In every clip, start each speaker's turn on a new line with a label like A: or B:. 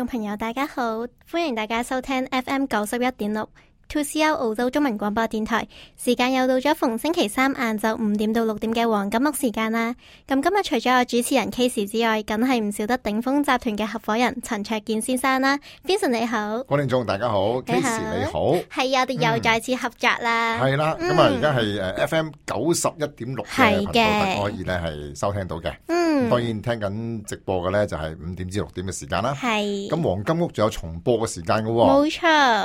A: 眾朋友，大家好，歡迎大家收聽 FM 九十一點六。2CR 澳洲中文廣播電台，時間又到咗逢星期三晏晝五點到六點嘅黃金屋時間啦。咁今日除咗有主持人 Casey 之外，梗係唔少得頂峰集團嘅合伙人陳焯楗先生啦。Vinson 你好，
B: 觀眾大家好，你好，Casey 你好，
A: 係、嗯、我哋又再次合作啦。係啦，
B: 咁啊而家係 FM 九十一點六嘅頻道可以咧係收聽到嘅。
A: 嗯，當然
B: 聽緊直播嘅咧就係五點至六點嘅時間啦。係，咁黃金屋仲有重播嘅時間噶。冇
A: 錯，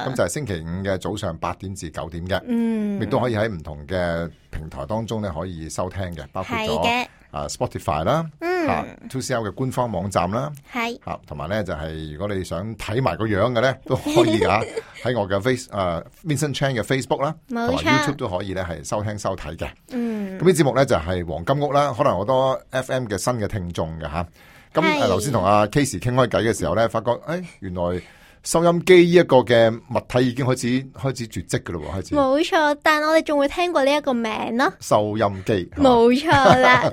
A: 咁
B: 就係星期五嘅早。早上八點至九點嘅，嗯，亦都可以喺唔同嘅平台當中咧，可以收聽嘅，包括咗啊 Spotify 啦，嗯，Two、啊、C R 嘅官方網站啦，係，吓、啊，同埋咧就係、是、如果你想睇埋個樣嘅咧，都可以啊，喺 我嘅 Face 誒、啊、Vincent Chan 嘅 Facebook 啦，同埋 YouTube 都可以咧，係收聽收睇嘅，嗯，咁呢節目咧就係、是、黃金屋啦，可能好多 F M 嘅新嘅聽眾嘅吓，咁係頭先同阿 Case 傾開偈嘅時候咧，發覺誒、哎，原來。收音機呢一個嘅物體已經開始開始絕跡噶咯，開始。
A: 冇錯，但我哋仲會聽過呢一個名咯、啊。
B: 收音機，冇錯啦。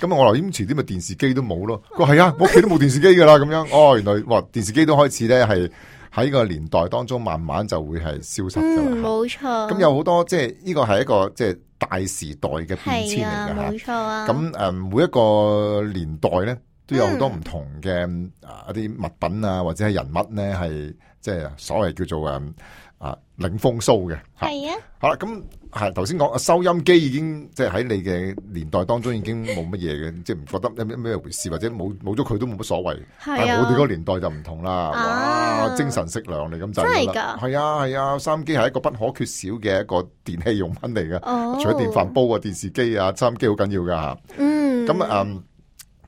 B: 咁 我嚟緊遲啲咪電視機都冇咯。哇，係 啊，屋企都冇電視機噶啦，咁樣。哦，原來哇，電視機都開始咧，係喺個年代當中慢慢就會係消失
A: 噶啦。冇錯。咁、嗯啊、有
B: 好多即係呢個係一個即係大時代嘅變遷嚟噶吓。冇錯啊。咁誒、啊啊嗯，每一個年代咧。都有好多唔同嘅、嗯、啊一啲物品啊或者係人物咧係即係所謂叫做誒、嗯、啊領風騷嘅係啊，好啦，咁係頭先講收音機已經即係喺你嘅年代當中已經冇乜嘢嘅，即係唔覺得有咩咩回事，或者冇冇咗佢都冇乜所謂，但係我哋嗰個年代就唔同啦，啊，哇，精神食糧嚟咁，就係啦係啊係啊，收音機係一個不可缺少嘅一個電器用品嚟嘅、哦、除咗電飯煲啊電視機啊收音機好緊要噶吓，嗯咁啊、嗯嗯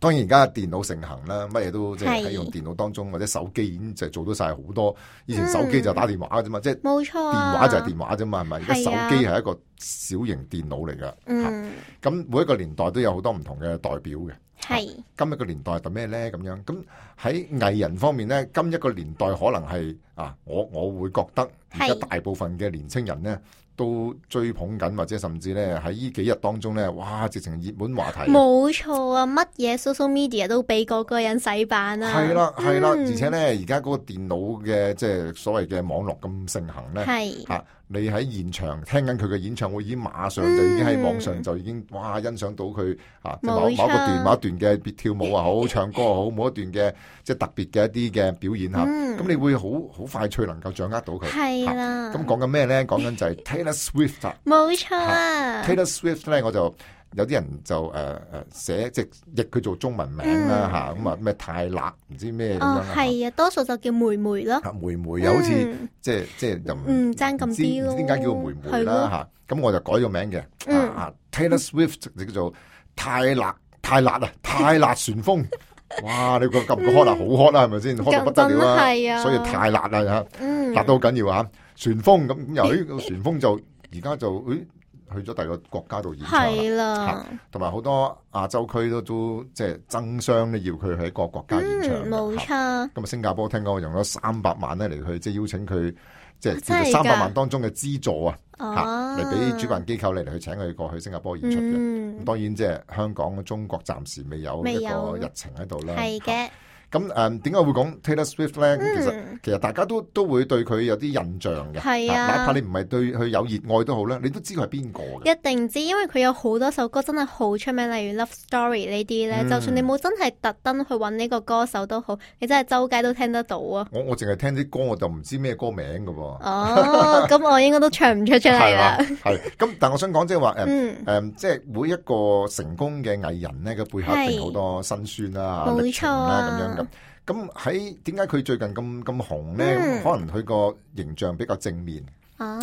B: 當然而家電腦盛行啦，乜嘢都即係用電腦當中或者手機已經就做到晒好多。以前手機就打電話嘅啫嘛，即係冇錯，電話就係電話啫嘛，係咪、啊？而家手機係一個小型電腦嚟噶。嗯、啊，咁每一個年代都有好多唔同嘅代表嘅。
A: 係、嗯
B: 啊、今日個年代係咩呢？咁樣咁喺藝人方面呢，今一個年代可能係啊，我我會覺得而家大部分嘅年青人呢。都追捧緊，或者甚至咧喺呢幾日當中咧，哇！直情熱門話題、啊。冇
A: 錯啊，乜嘢 social media 都俾個個人洗版啦、啊。係啦，係啦、嗯，而且咧，
B: 而家嗰個電腦嘅即係所謂嘅網絡咁盛行咧，係、啊、你喺現場聽緊佢嘅演唱會，已經馬上、嗯、就已經喺網上就已經哇欣賞到佢嚇、啊、某某一個段某一段嘅跳舞啊好，唱歌啊好，某一段嘅 即係特別嘅一啲嘅表演嚇，咁、嗯、你會好好快脆能夠掌握到佢。係啦。咁、啊嗯嗯、講緊咩咧？講緊就係 Taylor Swift
A: 冇錯、啊、Taylor
B: Swift 咧，我就有啲人就誒誒、呃、寫即係譯佢做中文名啦嚇，咁、嗯、啊咩泰辣唔知咩咁樣啊，係、哦、
A: 啊，多數就叫妹妹咯，啊、
B: 妹妹又、嗯、好似即係即係又唔
A: 爭咁啲咯，點解叫妹妹啦嚇？
B: 咁、啊、我就改咗名嘅、嗯、啊，Taylor Swift 就叫做泰辣，泰辣啊， 泰辣旋風，哇！你覺覺唔覺得好 hot 啦、啊？係咪先？hot 得不得了啊！所以太辣啦嚇、嗯，辣到好緊要啊！旋風咁咁又呢個旋風就而家就誒去咗第二個國家度演出啦，同埋好多亞洲區都都即係爭相咧要佢去一個國家演出，冇錯。咁、嗯、啊，新加坡聽講用咗三百萬咧嚟，去即係邀請佢，即係三百萬當中嘅資助啊，吓嚟俾主辦機構嚟嚟去請佢過去新加坡演出嘅。咁、嗯、當然即係香港、中國暫時未有一個日程喺度啦。係嘅。咁誒點解會講 Taylor Swift 咧？其、嗯、實其實大家都都會對佢有啲印象嘅，係啊，哪怕你唔係對佢有熱愛都好啦，你都知佢係邊個
A: 嘅。一定知，因為佢有好多首歌真係好出名，例如 Love Story 呢啲咧、嗯。就算你冇真係特登去揾呢個歌手都好，你真係周街都聽得到啊！
B: 我我淨係聽啲歌，我就唔知咩歌名㗎喎。哦，
A: 咁 我應該都唱唔出出嚟啦。
B: 係、 啊，咁、啊、但我想講、嗯嗯、即係話即係每一個成功嘅藝人咧，嘅背後一定好多辛酸啦、啊、歷程啦咁樣。咁咁喺點解佢最近咁咁紅咧、嗯？可能佢個形象比較正面，
C: 啊，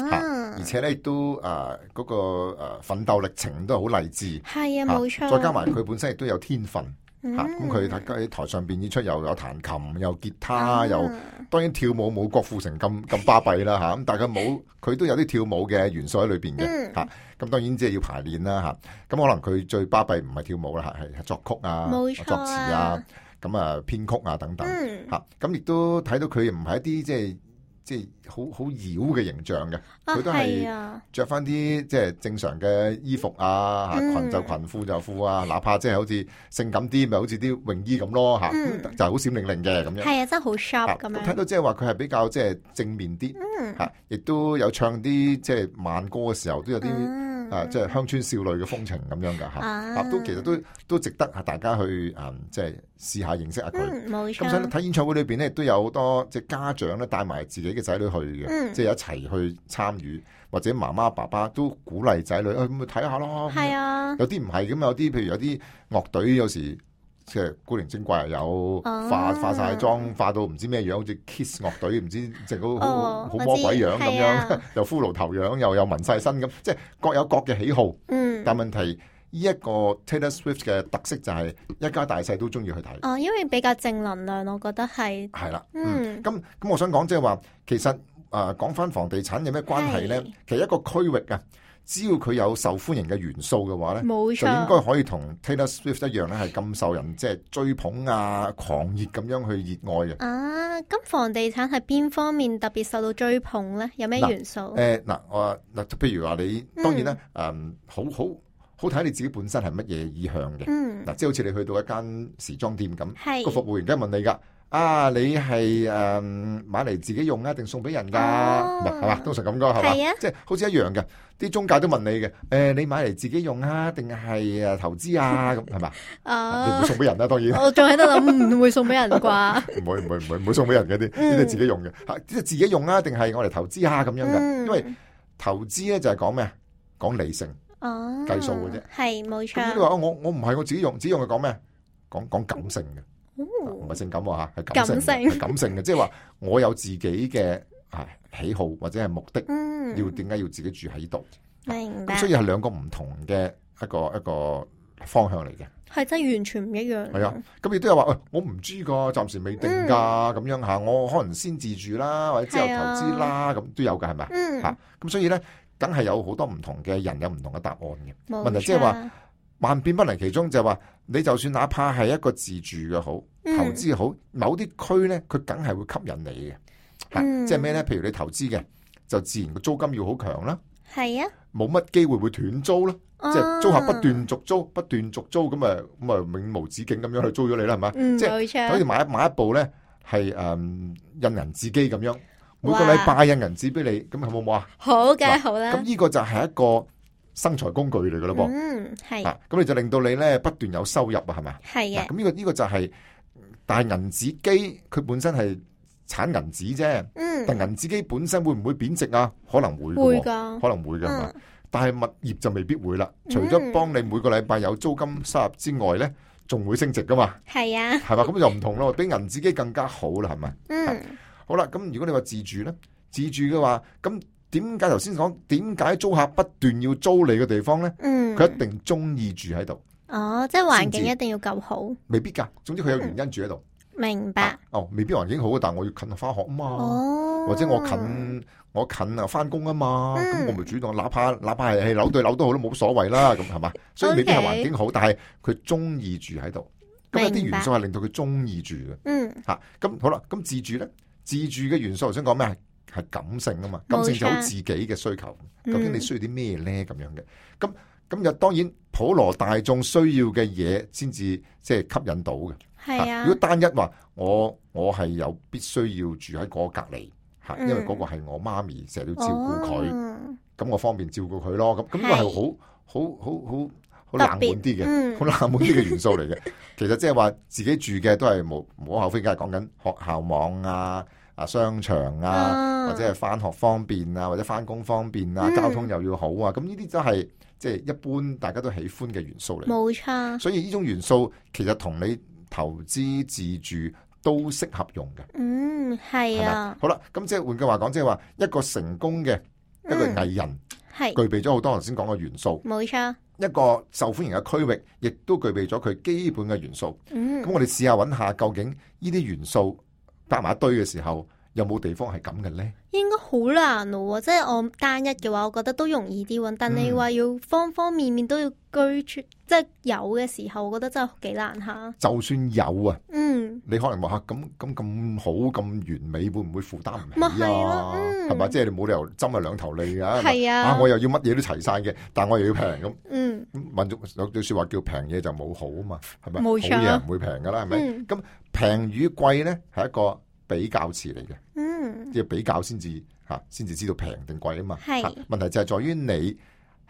C: 而
B: 且咧亦都啊嗰、呃那個誒奮鬥歷程都係好勵志，係啊，冇、啊、錯。再加埋佢本身亦都有天分，
C: 吓咁佢
B: 喺台上邊演出又有彈琴又吉他、嗯、又，當然跳舞冇郭富城咁咁巴閉啦吓。咁、嗯啊、但係佢冇佢都有啲跳舞嘅元素喺裏邊嘅吓。咁、嗯啊、當然即係要排練啦吓。咁、啊、可能佢最巴閉唔係跳舞啦吓，係作曲啊、作詞啊。咁啊，編曲啊等等嚇，咁、嗯、亦、啊、都睇到佢唔係一啲即係即係好好妖嘅形象嘅，佢、啊、都係着翻啲即係正常嘅衣服啊、嗯，裙就裙，褲就褲啊，哪怕即係好似性感啲，咪好似啲泳衣咁咯嚇，就好、嗯就是、閃靈靈嘅咁、啊、樣，係啊，
A: 真係好 sharp 咁樣。睇
B: 到即係話佢係比較即係正面啲嚇，亦、嗯啊、都有唱啲即係慢歌嘅時候都有啲。嗯啊，即係鄉村少女嘅風情咁樣噶嚇，啊都其實都都值得啊大家去啊即係試下認識下佢。冇
A: 錯。咁所以睇
B: 演唱會裏邊咧，都有好多即係家長咧帶埋自己嘅仔女去嘅，即係一齊去參與，或者媽媽爸爸都鼓勵仔女，誒咁去睇下咯。係啊。有啲唔係嘅嘛，有啲譬如有啲樂隊有時。即係古靈精怪，又有化、oh，化曬妝，化到唔知咩樣，好似 Kiss 樂隊，唔知即係好好魔鬼樣咁樣，啊、又骷髏頭樣，又有紋晒身咁，即係各有各嘅喜好。嗯，但問題呢一、呢個 Taylor Swift 嘅特色就係一家大細都中意去睇。
A: 哦，因為比較正能量，我覺得係。係
B: 啦。嗯。咁、嗯、咁，我想講即係話，其實誒、啊、講翻房地產有咩關係咧？其實一個區域嘅、啊。只要佢有受歡迎嘅元素嘅話咧，冇錯，就應該可以同 Taylor Swift 一樣咧，係咁受人即係追捧啊、狂熱咁樣去熱愛嘅。
A: 啊，咁房地產係邊方面特別受到追捧咧？有咩元素？誒、
B: 啊、嗱、呃啊，我嗱譬、啊、如話你，當然啦，誒、嗯嗯、好好好睇你自己本身係乜嘢意向嘅。嗱、嗯，即、啊、係好似你去到一間時裝店咁，個服務員而家問你㗎。啊，你係誒、嗯、買嚟自己用啊，定送俾人噶係嘛？通常咁講係嘛？即係好似一樣嘅，啲中介都問你嘅。誒、呃，你買嚟自己用啊，定係誒投資啊？咁係嘛？啊，oh, 你唔會送俾人啊，當然。我仲喺度諗，唔 唔
A: 會， 會，會，會，會送俾人啩？
B: 唔會唔會唔會唔會送俾人嘅？啲啲係自己用嘅，你即係自己用啊？定係我嚟投資啊？咁樣嘅，因為投資咧就係講咩啊？講理性
A: 計數嘅啫。係冇錯。咁你話
B: 我我唔係我自己用，自己用係講咩？講講感性嘅。唔、哦、係性感吓，係感、感性，感性嘅，即係話我有自己嘅喜好或者係目的，嗯、要點解要自己住喺度？明
A: 白咁，所以
B: 係兩個唔同嘅一個一個方向嚟嘅，
A: 係真係完全唔一樣。係啊，
B: 咁亦都有話，我唔知噶，暫時未定噶，咁、嗯、樣吓，我可能先自住啦，或者之後投資啦，咁都有噶，係咪？嗯、吓、啊、咁，所以咧，梗係有好多唔同嘅人有唔同嘅答案嘅問題，即係話。就是萬變不離其中，就話你就算哪怕係一個自住嘅好、嗯、投資好，某啲區呢，佢梗係會吸引你嘅、嗯，即係咩呢？譬如你投資嘅，就自然個租金要好強啦，係啊，冇乜機會會斷租啦、哦，即係租客不斷續租，不斷續租咁啊咁啊，永無止境咁樣去租咗你啦，係咪、嗯？即係好似買一買一部呢，係誒、嗯、印銀紙機咁樣，每個禮拜印銀紙俾你，咁好唔好啊？
A: 好嘅，好啦，咁呢
B: 個就係一個。生財工具嚟噶咯
A: 噃，
B: 咁、嗯、你、啊、就令到你咧不斷有收入啊，係咪、這個？係啊，咁呢個呢個就係、是，但係銀紙機佢本身係產銀紙啫，但銀紙機本身會唔會貶值啊？可能會，會噶，可能會噶、嗯，但係物業就未必會啦、嗯。除咗幫你每個禮拜有租金收入之外咧，仲會升值噶嘛，係啊，係嘛？咁就唔同咯，比銀紙機更加好啦，係咪？
A: 嗯，
B: 好啦，咁如果你話自住咧，自住嘅話，咁。點解頭先講，點解租客不斷要租你嘅地方咧？嗯，佢一定中意住喺度。
A: 哦，即係環境一定要夠好，
B: 未必噶。總之佢有原因住喺度、嗯。
A: 明白、
B: 啊。哦，未必環境好，但係我要近翻學啊嘛。
A: 哦，或者我近
B: 我近啊，翻工啊嘛。咁、嗯、我咪主動，哪怕哪怕係樓對樓都好， 都冇所謂啦。咁係嘛？所以未必係環境好，但係佢中意住喺度。咁有啲元素係令到佢中意住嘅。嗯，吓、啊、咁好啦。咁自住咧，自住嘅元素我想講咩？係感性啊嘛，感性就好自己嘅需求。究竟你需要啲咩咧？咁、嗯、樣嘅，咁咁又當然普羅大眾需要嘅嘢先至即係吸引到嘅。係啊，如果單一話我我係有必須要住喺嗰隔離嚇，因為嗰個係我媽咪成日要照顧佢，咁、哦、我方便照顧佢咯。咁咁都係好好好好好冷門啲嘅，好冷門啲嘅元素嚟嘅。 其實即係話自己住嘅都係冇冇可厚非，梗係，講緊學校網啊。啊，商場啊，或者係返學方便啊，或者返工方便啊，交通又要好啊，咁呢啲都係即係一般大家都喜歡嘅元素嚟。冇錯。所以呢種元素其實同你投資自住都適合用嘅。嗯，
A: 係啊。
B: 係好啦，咁即係換句話講，即係話一個成功嘅一個藝人，係具備咗好多頭先講嘅元素。冇錯。一個受歡迎嘅區域，亦都具備咗佢基本嘅元素。嗯。咁我哋試下揾下究竟呢啲元素，搭埋一堆嘅時候。有冇地方係咁嘅咧？
A: 應該好難咯、啊，即、就、係、是、我單一嘅話，我覺得都容易啲喎。但你話要方方面面都要俱全，嗯、即係有嘅時候，我覺得真係幾難嚇、啊。
B: 就算有啊，嗯，你可能話嚇咁咁咁好咁完美，會唔會負擔唔起啊？係、就、咪、是嗯？即係你冇理由針冇兩頭利㗎、啊？係啊，啊，我又要乜嘢都齊晒嘅，但係我又要平咁。嗯，民族有句説話叫平嘢就冇好啊嘛，係咪？冇錯、啊、好嘢唔會平㗎啦，係咪？咁、嗯、平與貴咧係一個。比較詞嚟嘅，嗯，要比較先至吓，先至知道平定貴啊嘛。係，問題就係在於你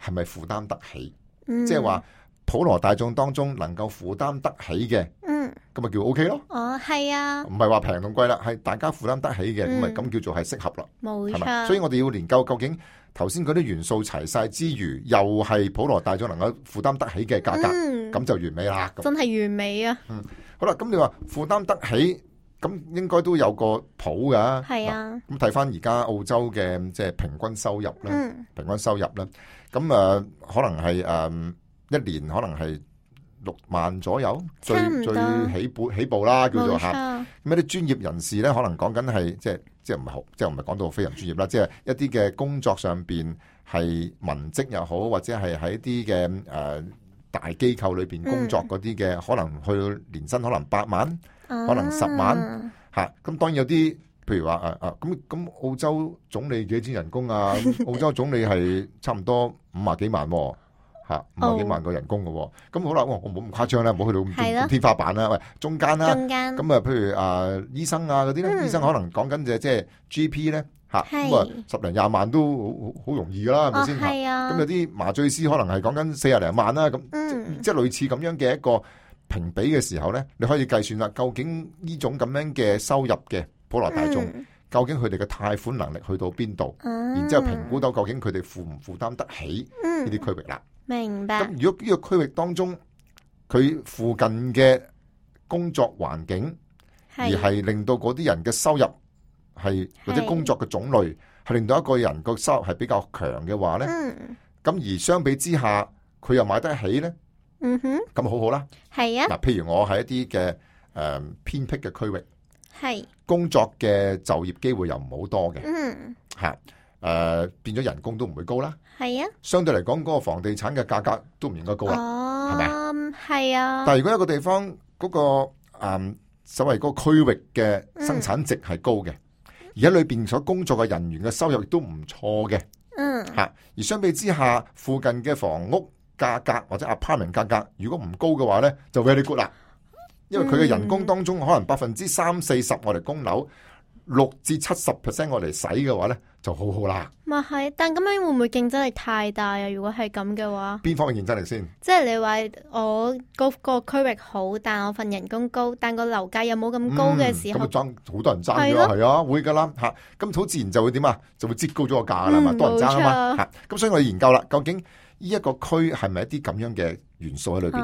B: 係咪負擔得起？嗯，即係話普羅大眾當中能夠負擔得起嘅，
A: 嗯，
B: 咁咪叫 OK 咯。哦，係啊，唔係話平同貴啦，係大家負擔得起嘅，咁咪咁叫做係適合啦。
A: 冇錯，所以我
B: 哋要研究究竟頭先嗰啲元素齊晒之餘，又係普羅大眾能夠負擔得起嘅價格，咁、嗯、就完美啦。真
A: 係完美啊！嗯，
B: 好啦，咁你話負擔得起。咁應該都有個譜噶、啊，咁睇翻而家澳洲嘅即係平均收入咧，平均收入咧，咁誒、啊、可能係誒、啊、一年可能係六萬左右，最最起步起步啦，叫做嚇。咁一啲專業人士咧，可能講緊係即係即係唔係好，即係唔係講到非常專業啦，即係一啲嘅工作上邊係文職又好，或者係喺啲嘅誒大機構裏邊工作嗰啲嘅，嗯、可能去年薪可能八萬。
C: 可能十萬
B: 吓，咁、oh. 啊、當然有啲，譬如話咁咁澳洲總理幾多錢人工啊？ 澳洲總理係差唔多五啊幾萬吓，五、啊、幾萬個人工嘅，啊，咁、oh. 啊、好啦、啊，我冇咁誇張啦，冇去到天花板啦，喂，中間啦，咁啊，譬如誒、啊、醫生啊嗰啲咧，醫生可能講緊就即係 GP 咧吓，咁啊十零廿萬都好好容易噶、啊、啦，係咪先？咁、啊、有啲麻醉師可能係講緊四十零萬啦、啊，咁、嗯、即係類似咁樣嘅一個。評比嘅時候呢，你可以計算啦、嗯，究竟呢種咁樣嘅收入嘅普羅大眾，究竟佢哋嘅貸款能力去到邊度、嗯，然之後評估到究竟佢哋負唔負擔得起呢啲區域啦。
A: 明白。咁
B: 如果呢個區域當中，佢附近嘅工作環境而係令到嗰啲人嘅收入係或者工作嘅種類係令到一個人個收入係比較強嘅話呢，咁、嗯、而相比之下，佢又買得起呢？嗯哼，咁好好啦。
A: 係啊，嗱，
B: 譬如我喺一啲嘅誒偏僻嘅區域，係工作嘅就業機會又唔好多嘅，
A: 嗯，
B: 係誒、啊呃、變咗人工都唔會高啦，係啊，相對嚟講嗰個房地產嘅價格都唔應該高啊，
A: 係咪啊？係啊。但係如
B: 果一個地方嗰、嗰個誒、呃、所謂嗰個區域嘅生產值係高嘅、嗯，而家裏邊所工作嘅人員嘅收入亦都唔錯嘅，嗯，吓、啊，而相比之下附近嘅房屋。價格或者 apartment 價格，如果唔高嘅話咧，就 very good 啦。因為佢嘅人工當中可能百分之三四十我嚟供樓，六至七十 percent 我嚟使嘅話咧，就好好啦。
A: 咪係，但咁樣會唔會競爭力太大啊？如果係咁嘅話，
B: 邊方嘅競爭力先？
A: 即係你話我個個區域好，但我份人工高，但個樓價又冇咁高嘅時候，咁
B: 爭好多人爭嘅咯，係啊，會噶啦吓。咁好自然就會點啊？就會折高咗個價噶啦嘛，多人爭啊嘛吓。咁所以我哋研究啦，究竟。呢一個區係咪一啲咁樣嘅元素喺裏邊？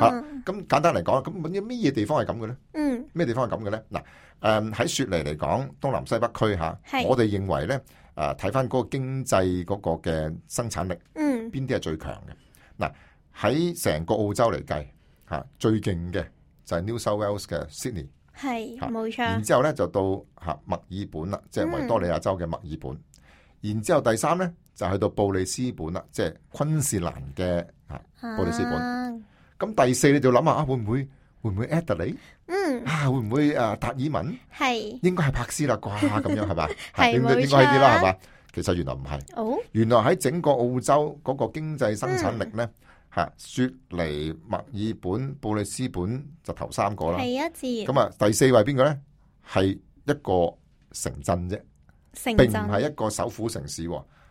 B: 嚇、啊、咁簡單嚟講，咁揾啲咩嘢地方係咁嘅咧？嗯，咩地方係咁嘅咧？嗱，誒喺雪梨嚟講，東南西北區嚇，我哋認為咧，誒睇翻嗰個經濟嗰個嘅生產力，嗯，邊啲係最強嘅？嗱、嗯，喺成個澳洲嚟計嚇，最勁嘅就係 New South Wales 嘅 Sydney，
A: 係冇錯。然
B: 之後咧就到嚇墨爾本啦，即、就、係、是、維多利亞州嘅墨爾本。嗯、然之後第三咧。就去到布里斯本啦，即、就、係、是、昆士蘭嘅，啊，布里斯本。咁、啊、第四你就諗下啊，會唔會，會唔會 Adelaide？嗯啊，會唔會誒達爾文？係應該係柏斯啦，啩咁樣係嘛？係冇錯。應該係啲啦，係 嘛？ 其實原來唔係，oh? 原來喺整個澳洲嗰個經濟生產力咧，吓、嗯、雪梨、墨爾本、布里斯本就頭三個啦。一咁啊，第、第四位邊個咧？係一個城鎮啫，並唔係一個首府城市。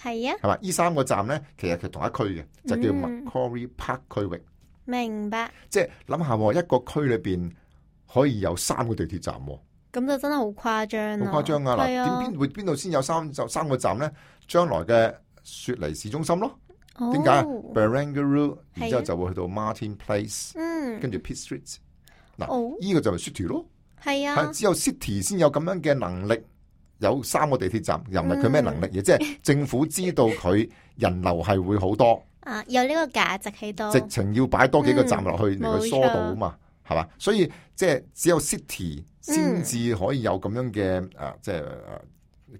A: 係啊，係嘛？呢
B: 三個站咧，其實係同一區嘅，嗯，就叫 Macquarie Park 區域。
A: 明白。
B: 即係諗下，一個區裏邊可以有三個地鐵站，咁
A: 就真係好誇張。好誇張啊！嗱、啊，點邊
B: 會邊度先有三就三個站咧？將來嘅雪梨市中心咯。點解？Barangaroo，然之後就會去到 Martin Place，嗯，跟住 Pitt Street。嗱，呢，哦這個就係 City 咯。
A: 係啊，只
B: 有 City 先有咁樣嘅能力。有三個地鐵站，又唔係佢咩能力嘢，即、嗯、係政府知道佢人流係會好多
A: 啊，有呢個價值喺度，直
B: 情要擺多幾個站落去嚟去、嗯、疏導啊嘛，係嘛？所以即係、就是、只有 City 先至可以有咁樣嘅即係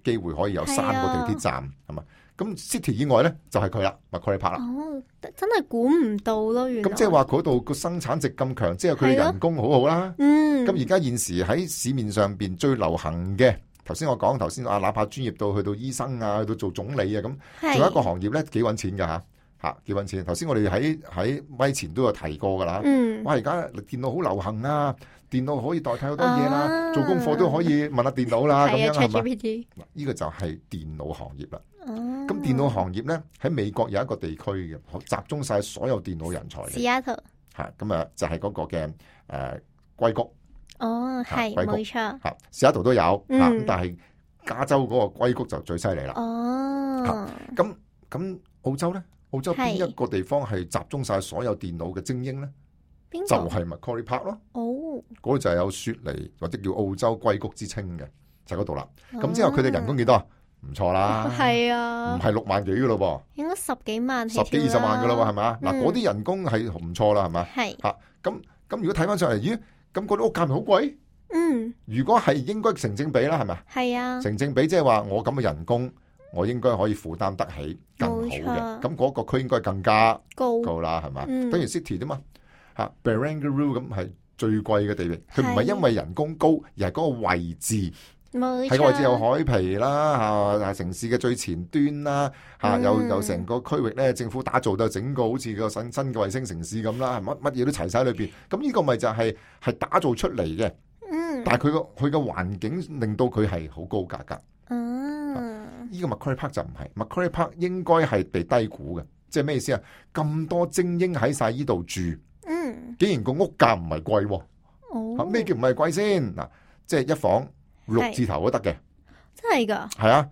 B: 機會可以有三個地鐵站係嘛？咁、啊、City 以外咧就係佢啦，Macquarie Park 啦，
A: 哦，真係估唔到咯，原來咁即係話
B: 嗰度個生產值咁強，即係佢哋人工好好、啊、啦，嗯，咁而家現時喺市面上面最流行嘅。頭先我講，頭先啊，哪怕專業到去到醫生啊，去到做總理啊，咁仲有一個行業咧，幾搵錢噶吓吓，幾、啊、搵錢。頭先我哋喺喺咪前都有提過噶啦。嗯，哇，而家電腦好流行啦，啊，電腦可以代替好多嘢啦，啊、做功課都可以問下電腦啦，咁、啊、樣係咪？依、啊啊、個就係電腦行業啦。
A: 咁、啊、電
B: 腦行業咧喺美國有一個地區嘅集中晒所有電腦人才。聖
A: 塔，
B: 咁啊，就係嗰個嘅誒硅谷。
A: 哦，係冇錯，吓，
B: 其他度都有，吓、嗯，但係加州嗰個硅谷就最犀利啦。哦，咁咁澳洲咧，澳洲邊一個地方係集中晒所有電腦嘅精英咧？邊就係 Macquarie Park 咯。哦，嗰度就係有雪梨或者叫澳洲硅谷之稱嘅，就嗰度啦。咁、哦、之後佢哋人工幾多？唔錯啦。係、哦、
A: 啊，唔係
B: 六萬幾噶咯噃？
A: 應該十幾萬幾，十幾二十萬噶咯，係、嗯、嘛？嗱，嗰啲人
B: 工係唔錯啦，係咪？係吓，咁咁如果睇翻上嚟，咦？咁嗰啲屋價咪好貴？嗯，如果係應該成正比啦，係咪？
A: 係啊，成
B: 正比即係話我咁嘅人工，我應該可以負擔得起更好嘅。咁嗰個區應該更加高高啦，係、嗯、嘛？等於 City 啫嘛，吓 Barangaroo 咁係最貴嘅地皮，佢唔係因為人工高，而係嗰個位置。喺個位置有海皮啦吓，啊，大城市嘅最前端啦吓，有有成個區域咧，政府打造到整個好似個新新嘅衛星城市咁啦，係咪乜嘢都齊晒裏邊？咁呢個咪就係、是、係打造出嚟嘅。嗯，但係佢個佢個環境令到佢係好高價格。嗯，
C: 呢、啊，
B: 這個 Macquarie Park 就唔係 Macquarie Park 應該係被低估嘅。即係咩意思啊？咁多精英喺晒呢度住，
C: 嗯，
B: 竟然個屋價唔係貴，哦，
A: 咩、啊、
B: 叫唔係貴先嗱？即、啊、係、就是、一房。六字頭都得嘅，
A: 真係噶。
B: 係啊，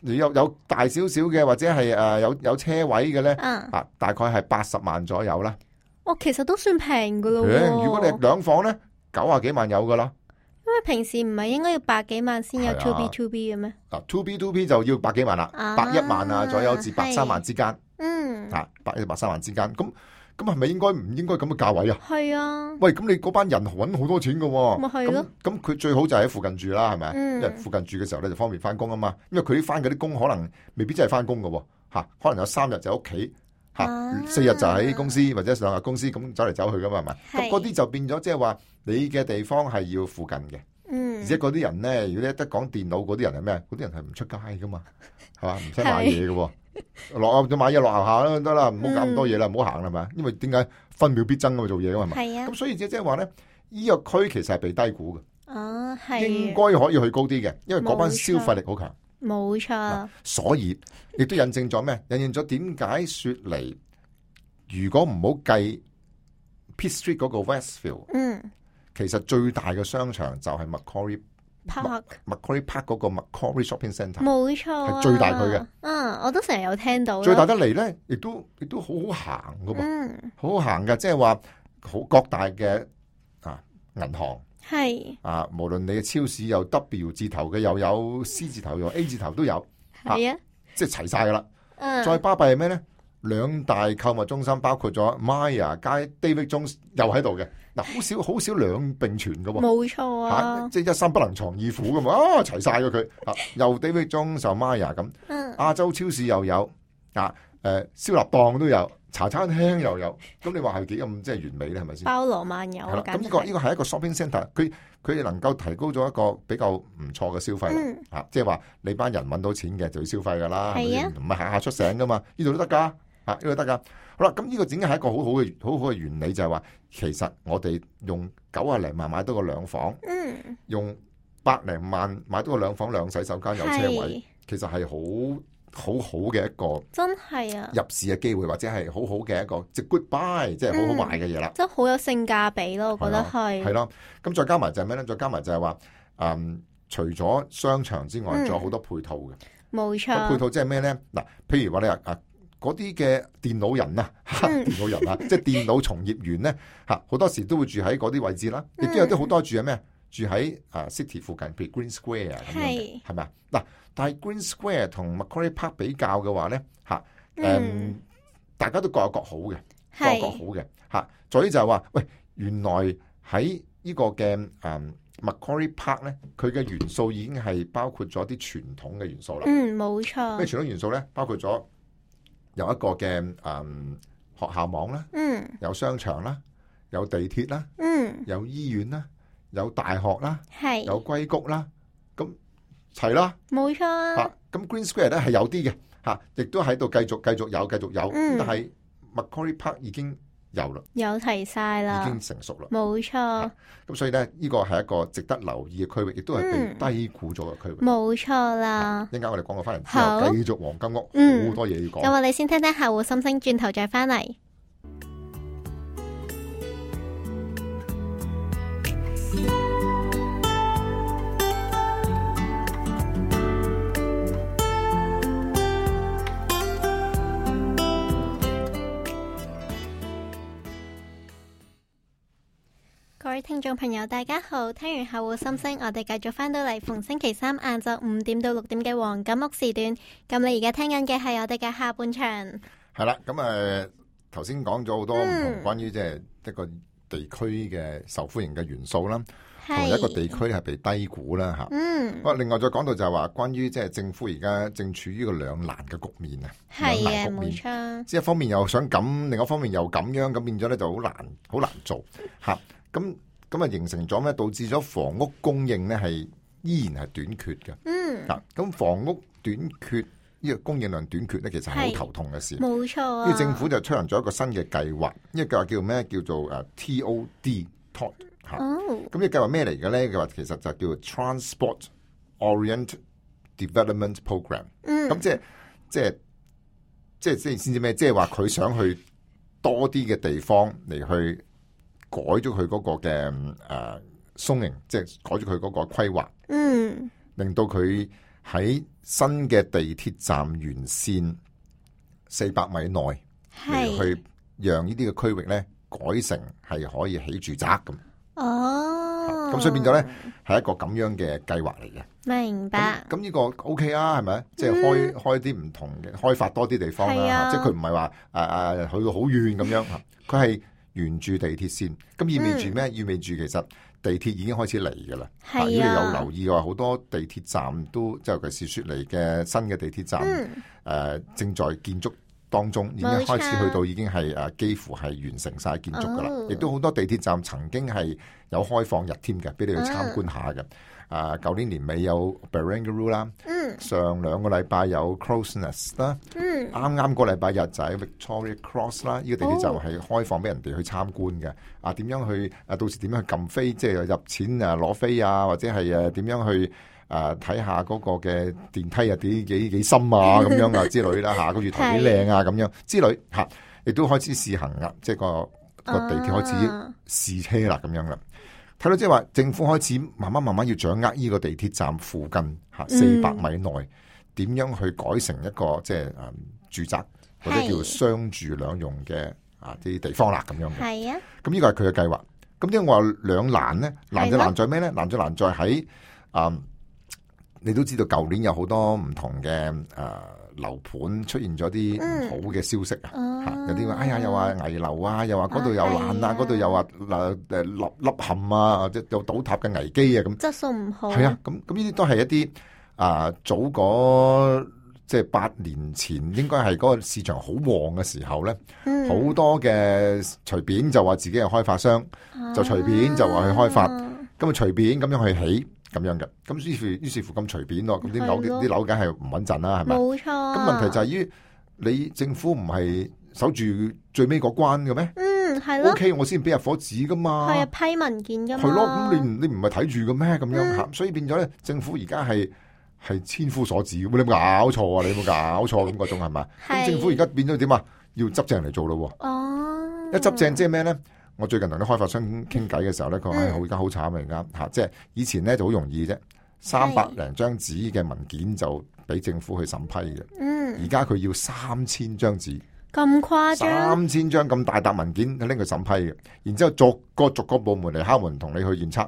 B: 你有有大少少嘅，或者係誒有有車位嘅咧、嗯，啊，大概係八十萬左右啦。
A: 哦，其實都算平噶咯。如果你
B: 兩房咧，九啊幾萬有噶啦。
A: 因為平時唔係應該要百幾萬先有 Two B Two B 嘅咩？
B: 啊，Two B Two B 就要百幾萬啦，百一萬啊左右至百三萬之間。嗯，啊，百一、百三萬之間咁。嗯咁係咪應該唔應該咁嘅價位啊？係啊，啊！喂、啊，咁你嗰班人揾好多錢噶，喎！咁佢最好就喺附近住啦，係咪？嗯、因為附近住嘅時候咧，就方便翻工啊嘛。因為佢翻嗰啲工可能未必真係翻工噶，吓，可能有三日就喺屋企，吓、啊，四日就喺公司或者上下公司，咁走嚟走去噶嘛，係咪？咁嗰啲就變咗即係話，你嘅地方係要附近嘅。而且嗰啲人咧，如果你得講電腦嗰啲人係咩？嗰啲人係唔出街噶嘛，係 嘛？唔使買嘢嘅、啊， 落去買嘢落樓下啦，得啦，唔好搞咁多嘢啦，唔好行啦，係嘛？因為點解分秒必爭咁做嘢噶係嘛？係啊。咁、啊、所以即係即係話咧，呢個區其實係被低估嘅。
A: 哦，係、啊。應該可
B: 以去高啲嘅，因為嗰班消費力好強。
A: 冇錯。
B: 所以亦都印證咗咩？印證咗點解雪梨，如果唔好計 Pitt Street 嗰個 Westfield。嗯。其實最大嘅商場就係 Macquarie
A: Park，Macquarie
B: Park 嗰 Park 個 Macquarie Shopping Centre，冇
A: 錯，啊，係最大佢嘅。嗯，我都成日有聽到。最大得嚟
B: 咧，亦都亦都好好行噶，嗯，好好行嘅，即係話好各大嘅啊銀行，係啊，無論你嘅超市有 W 字頭嘅，又有 C 字頭，又 A 字頭都有，係啊，啊，即係齊晒噶啦。再巴閉係咩咧？兩大購物中心包括咗 Maya 街 David 中又喺度嘅，嗱好少好少兩並存嘅喎、啊，冇
A: 錯啊，啊，即、就、係、是、
B: 一山不能藏二虎嘅嘛，哦、啊、齊晒咗佢，又 David 中又 Maya 咁，亞洲超市又有啊，誒、呃、燒臘檔都有，茶餐廳又有，咁你話係幾咁即係完美咧？係咪先包
A: 羅萬有？係啦，咁呢個呢個係
B: 一個 shopping centre，佢佢哋能夠提高咗一個比較唔錯嘅消費，嚇、嗯啊，即係話你班人揾到錢嘅就要消費㗎啦，係啊，唔係下下出醒㗎嘛，呢度都得㗎。啊，呢、這個得噶，好啦，咁呢個整嘅係一個很好的很好嘅、好好嘅原理，就係話，其實我哋用九啊零萬買到個兩房，嗯、用百零萬買到個兩房兩洗手間有車位，是其實係好好好嘅一個，
A: 真係啊！入
B: 市嘅機會或者係好好嘅一個 goodbye，就是很好的東西，即係 goodbye，即係好好賣嘅嘢啦，
A: 即係好有性價比咯、啊，我覺得係。係咯，
B: 咁、啊啊、再加埋就係咩咧？再加埋就係話，嗯，除咗商場之外，仲有好多配套嘅，
A: 冇、嗯、錯。配套
B: 即係咩咧？嗱、啊，譬如話你啊啊。嗰啲嘅電腦人啊，電腦人啊，即係電腦從業員咧，嚇好多時都會住喺嗰啲位置啦。亦都有啲好多住喺咩？住喺啊 City 附近，譬如 Green Square 咁樣嘅，係咪啊？嗱，但係 Green Square 同 Macquarie Park 比較嘅話咧，嚇誒，大家都各有各好嘅，各有各好嘅嚇。所以就係話，喂，原來喺呢個嘅誒 Macquarie Park 咧，佢嘅元素已經係包括咗啲傳統嘅元素啦。嗯，
A: 冇錯。咩傳
B: 統元素咧？包括咗。有一個嘅嗯學校網啦，有商場啦，有地鐵啦，有醫院啦，有大學啦，係有硅谷啦，咁齊啦，
A: 冇錯。吓，
B: 咁 Green Square 咧，係有啲嘅，吓，亦都喺度繼續繼續有，繼續有，但係 Macquarie Park 已經。有啦，
A: 有提晒啦，已經
B: 成熟啦，冇
A: 錯。
B: 咁所以咧，呢、這個係一個值得留意嘅區域，亦都係被低估咗嘅區域，
A: 冇錯啦。一
B: 陣間我哋講過翻嚟之後，繼續黃金屋，好、嗯、多嘢要講。咁我
A: 哋先聽聽客戶心聲，轉頭再翻嚟。聽眾朋友大家好，聽完客戶心聲，我哋繼續翻到嚟，逢星期三晏晝五點到六點嘅黃金屋時段。咁你而家聽緊嘅係我哋嘅下半場。
B: 係啦，咁、嗯、誒，頭先講咗好多唔同關於即係一個地區嘅受歡迎嘅元素啦，同、嗯、一個地區係被低估啦吓。嗯。不過另外再講到就係話，關於即係政府而家正處於個兩難嘅局面啊。係啊，冇錯。即係一方面又想咁，另一方面又咁樣，咁變咗咧就好難，好難做吓。咁、嗯 咁啊，形成咗咩？導致咗房屋供應咧，係依然係短缺嘅。嗯，嗱、啊，咁房屋短缺，呢個供應量短缺咧，其實係好頭痛嘅事。
A: 冇錯、啊。呢政府
B: 就推行咗一個新嘅計劃，呢個計劃叫咩？叫做誒 TOD 託。哦。咁、啊、呢個計劃咩嚟嘅咧？佢話其實就叫做 Transport Orient Development Program。嗯。咁即係即係即係即係先至咩？即係話佢想去多啲嘅地方嚟去。改咗佢嗰個嘅誒鬆形，即係改咗佢嗰個規劃，嗯，令到佢喺新嘅地鐵站沿線四百米內嚟去讓，讓呢啲嘅區域咧改成，係可以起住宅咁。哦，
A: 咁所以變咗咧
B: 係一個咁樣嘅計劃嚟嘅。
A: 明白。
B: 咁呢個 O、OK、K 啊，係咪？即係開、嗯、開啲唔同嘅開發多啲地方啦、啊啊。即係佢唔係話誒誒去到好遠咁樣，佢係。沿住地鐵線，咁意味住咩、嗯？意味住其實地鐵已經開始嚟嘅啦。啊、如果你有留意話，好多地鐵站都即係尤其是雪梨嘅新嘅地鐵站，誒、嗯呃、正在建築當中，已經開始去到已經係誒幾乎係完成晒建築噶啦。亦都好多地鐵站曾經係有開放日添嘅，俾你去參觀下嘅。啊！舊年年尾有 Barangaroo 啦、嗯，上兩個禮拜有 Crows Nest 啦，啱、嗯、啱個禮拜日就喺 Victoria Cross 啦，呢、這個地鐵就係開放俾人哋去參觀嘅、哦。啊，點樣去啊？到時點樣去撳飛？即係入錢啊，攞飛啊，或者係誒點樣去誒睇、啊、下嗰個嘅電梯啊？幾幾幾深啊？咁樣啊之類啦嚇，下個月台幾靚啊咁樣 之類嚇，亦、啊、都開始試行啊！即係個個地鐵開始試車啦，咁、啊、樣啦。睇到即係話政府開始慢慢慢慢要掌握呢個地鐵站附近吓四百米內點、嗯、樣去改成一個即係啊住宅或者叫商住兩用嘅啊啲地方啦咁樣嘅。係啊，咁呢個係佢嘅計劃。咁點解我話兩難咧？難就難在咩咧？難就難在喺啊，你都知道舊年有好多唔同嘅啊。呃樓盤出現咗啲唔好嘅消息、嗯、啊！嚇，有啲話哎呀，又話危樓啊，又話嗰度又爛啊，嗰、啊、度、啊、又話嗱誒凹陷啊，或者有倒塌嘅危機啊咁。質
A: 素唔好。係啊，
B: 咁咁呢啲都係一啲啊早嗰即係八年前應該係嗰個市場好旺嘅時候咧，好、嗯、多嘅隨便就話自己係開發商、啊，就隨便就話去開發，咁啊隨便咁樣去起。咁樣嘅，咁於是於是乎咁隨便咯，咁啲樓啲樓梗係唔穩陣啦，係咪？冇
A: 錯、啊。咁問題就係、是、
B: 於你政府唔係守住最尾嗰關嘅咩？嗯，
A: 係咯、OK。O K，
B: 我先俾入伙紙噶嘛，係
A: 批文件噶嘛的。係咯，咁你
B: 你唔係睇住嘅咩？咁樣嚇，嗯、所以變咗咧，政府而家係係千夫所指，你有冇搞錯啊！你有冇搞錯咁嗰種係咪？咁政府而家變咗點啊？要執正嚟做咯喎。
C: 哦。一執正即係咩
B: 咧？我最近同啲開發商傾偈嘅時候咧，佢話：唉，好而家好慘啊！而家吓，即、嗯、係以前咧就好容易啫，三百零張紙嘅文件就俾政府去審批嘅。嗯，而家佢要三千張紙，咁誇張？三千張咁大沓文件拎去審批嘅，然之後逐個逐個部門嚟敲門同你去驗測，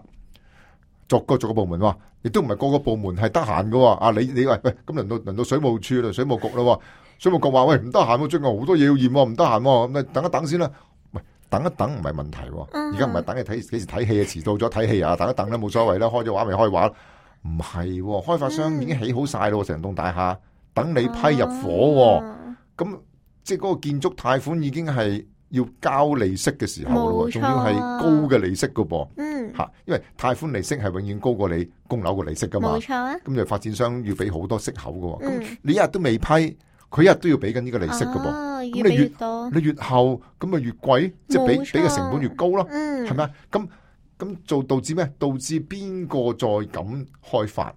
B: 逐個逐個部門話，亦都唔係個個部門係得閒嘅。啊，你你話喂，咁輪到輪到水務處啦，水務局啦，水務局話喂唔得閒，最近好多嘢要驗，唔得閒咁，等一等先啦。等一等唔係問題，而家唔係等你睇幾時睇戲啊？遲到咗睇戲啊！等一等啦，冇所謂啦，開咗畫咪開畫。唔係，開發商已經起好晒咯，成棟大廈等你批入伙。咁、啊、即係嗰個建築貸款已經係要交利息嘅時候咯，仲要係高嘅利息噶噃、啊。嗯，吓，因為貸款利息係永遠高過你供樓嘅利息噶嘛。冇錯啊。咁就發展商要俾好多息口噶，咁你日都未批。佢一日都要俾緊呢個利息噶噃，咁、啊、你越，越，越多，你越後，咁咪越貴，即係俾俾嘅成本越高咯，係咪啊？咁咁就導致咩？導致邊個再咁開發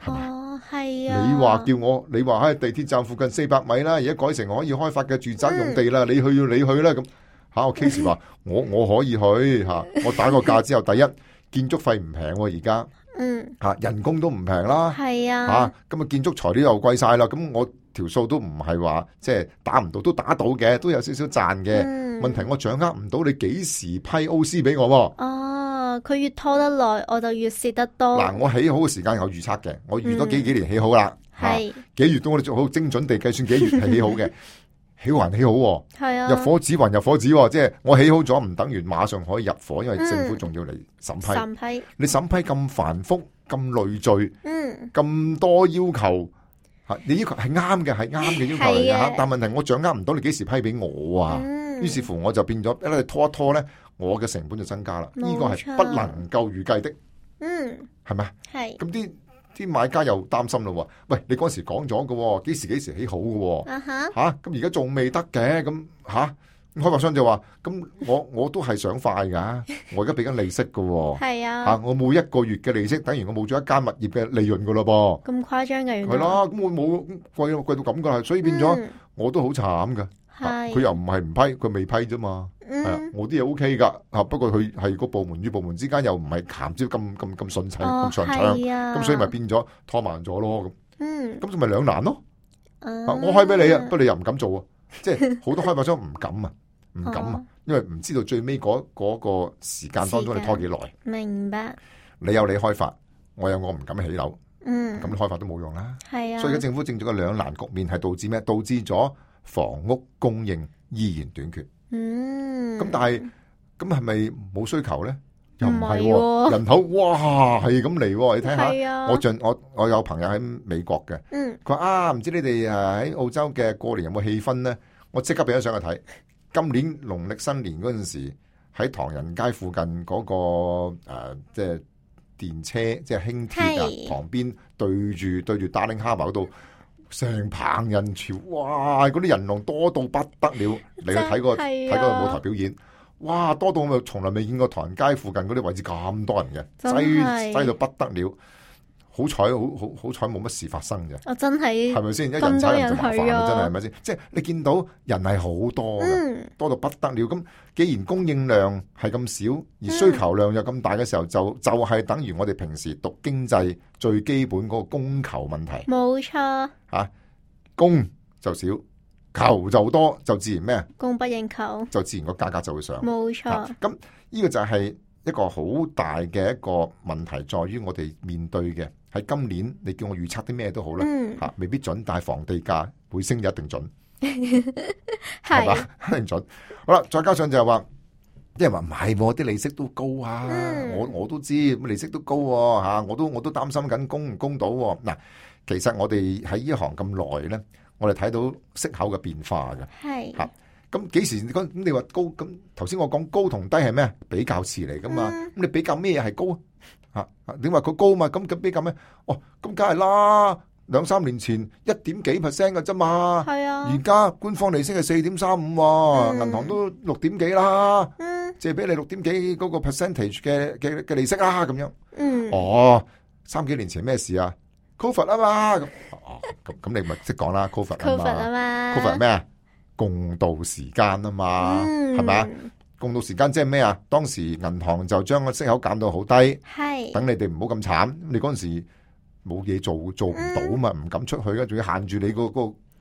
A: 係係、哦、啊！你
B: 話叫我，你話喺地鐵站附近四百米啦，而家改成可以開發嘅住宅用地啦、嗯，你去要、啊、你去啦、啊，咁吓、啊、我 case 話、嗯、我我可以去吓、啊，我打個價之後， 第一建築費唔平而家，嗯吓、啊、人工都唔平啦，係、嗯、啊吓咁啊，啊建築材料又貴晒啦，咁、啊、我。條數都唔係話即係打唔到，都打到嘅，都有少少賺嘅。問題我掌握唔到你幾時批 O C 俾我、啊。哦，
A: 佢越拖得耐，我就越蝕得多。嗱，
B: 我起好嘅時間有預測嘅，我預多幾幾年起好啦。係、嗯啊、幾月都我做好精準地計算幾月起好嘅， 起還起好、啊。係啊，入伙紙還入伙紙、啊，即係我起好咗，唔等於馬上可以入伙，因為政府仲要嚟審批。審、嗯、批你審批咁繁復、咁累贅，嗯，咁多要求。你、這個、是是要求係啱嘅，係啱嘅要求嚟嘅吓。但問題我掌握唔到你幾時批俾我啊，於、嗯、是乎我就變咗，一嚟拖一拖咧，我嘅成本就增加啦。呢個係不能夠預計的。嗯是，係咪？係。咁啲啲買家又擔心咯，喂，你嗰時講咗嘅，幾時幾時起好嘅，吓、啊啊，咁而家仲未得嘅，咁、啊、吓。啊啊啊開發商就話：咁我我都係想快噶， 我而家俾緊利息噶，吓、啊啊、我每一個月嘅利息，等於我冇咗一間物業嘅利潤噶啦噃。咁誇張嘅係啦，咁、啊、我冇貴貴到咁噶，所以變咗、嗯、我都好慘噶。佢、啊、又唔係唔批，佢未批啫嘛。係、嗯、啊，我啲嘢 O K 噶，吓，不過佢係個部門與部門之間又唔係銜接咁咁咁順暢咁順暢，咁所以咪變咗拖慢咗咯。咁嗯，咁仲咪兩難咯。
C: 我開俾你啊，不過
B: 你又唔敢做啊，即係好多開發商唔敢啊。唔敢啊，因為唔知道最尾嗰嗰個時間當中你拖幾耐。
A: 明白。
B: 你有你開發，我有我唔敢起樓。嗯。咁開發都冇用啦、啊。
A: 係啊。所以，而家政
B: 府正做嘅兩難局面，係導致咩？導致咗房屋供應依然短缺。
C: 嗯。咁但
B: 係，咁係咪冇需求咧？又唔係喎？人口哇，係咁嚟。你睇下，我我、啊、我有朋友喺美國嘅。嗯。佢話啊，唔知你哋誒喺澳洲嘅過年有冇氣氛咧？我即刻俾咗相佢睇。今年農曆新年嗰陣時，喺唐人街附近嗰、嗰個誒、呃，即係電車，即係輕鐵啊，旁邊對住對住 Darling Harbour 嗰度，成棚人潮，哇！嗰啲人龍多到不得了，你去睇、嗰個睇、啊、個舞台表演，哇！多到我從來未見過唐人街附近嗰啲位置咁多人嘅，擠擠到不得了。好彩好好好彩冇乜事發生嘅。我
A: 真係，係咪
B: 先？咁多人去啊，真係，係咪先？即係、嗯就是、你見到人係好多，多到不得了。咁既然供應量係咁少，而需求量又咁大嘅時候，嗯、就就係等於我哋平時讀經濟最基本嗰個供求問題。冇錯，吓、啊、供就少，求就多，就自然咩？
A: 供不應求，
B: 就自然個價格就會上。冇錯，咁、啊、呢個就係一個好大嘅一個問題，在於我哋面對嘅。喺今年，你叫我預測啲咩都好啦，吓未必準，但係房地價會升就一定準，
C: 係嘛，一
B: 定準。好啦，再加上就係話，啲人話唔係，啲利息都高啊，我我都知，咁利息都高吓，我都我都擔心緊供唔供到。嗱，其實我哋喺呢行咁耐咧，我哋睇到息口嘅變化嘅，係吓咁幾時？咁你話高？咁頭先我講高同低係咩比較詞嚟噶嘛？咁你比較咩係高？啊！點話佢高嘛？咁咁比咁咧？哦！咁梗係啦，兩三年前一點幾 percent 嘅啫嘛。係啊。而家官方利息係四點三五，銀行都六點幾啦。嗯。借俾你六點幾嗰個 percentage 嘅嘅嘅利息啦，咁樣。嗯。哦，三幾年前咩事啊？Covid 啊嘛。哦哦，咁咁你咪識講啦，Covid 啊嘛。Covid 啊嘛。Covid 咩啊？共度時間啊嘛。嗯。係咪？共度時間即係咩啊？當時銀行就將個息口減到好低，等你哋唔好咁慘。你嗰陣時冇嘢做，做唔到啊嘛，唔敢出去嘅，仲要限住你個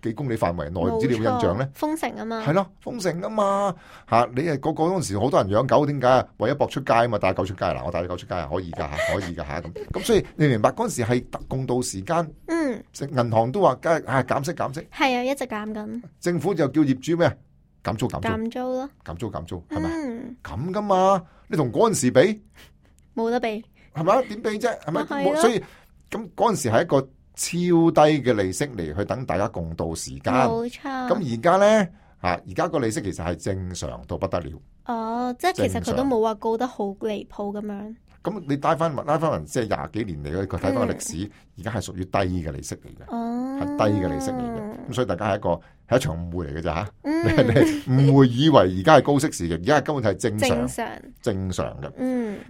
B: 幾公里範圍內，唔知你有冇印象咧？
A: 封城啊嘛，係咯，
B: 封城啊嘛嚇！你啊個個嗰陣時好多人養狗，點解啊？為咗博出街啊嘛，帶狗出街嗱，我帶你狗出街係可以㗎嚇，可以㗎嚇咁。咁所以你明白嗰陣時係共度時間，嗯，銀行都話緊係減息減息，
A: 係啊，一直減緊。
B: 政府就叫業主咩？減租減租，減租咯，減租減租係咪？咁、嗯、噶嘛？你同嗰陣時比，
A: 冇得比，
B: 係咪？點比啫？係咪？所以咁嗰陣時係一個超低嘅利息嚟，去等大家共度時間。冇錯。咁而家咧，吓而家個利息其實係正常到不得了。
A: 哦，即係其實佢都冇話高得好離譜咁樣。
B: 咁你帶翻拉翻人，即係廿幾年嚟佢睇翻個歷史，而家係屬於低嘅利息嚟嘅，係、哦、低嘅利息嚟嘅。咁所以大家係一個係一場誤會嚟嘅咋。嚇、嗯。 你唔會以為而家係高息時期，而家根本係正常正常嘅。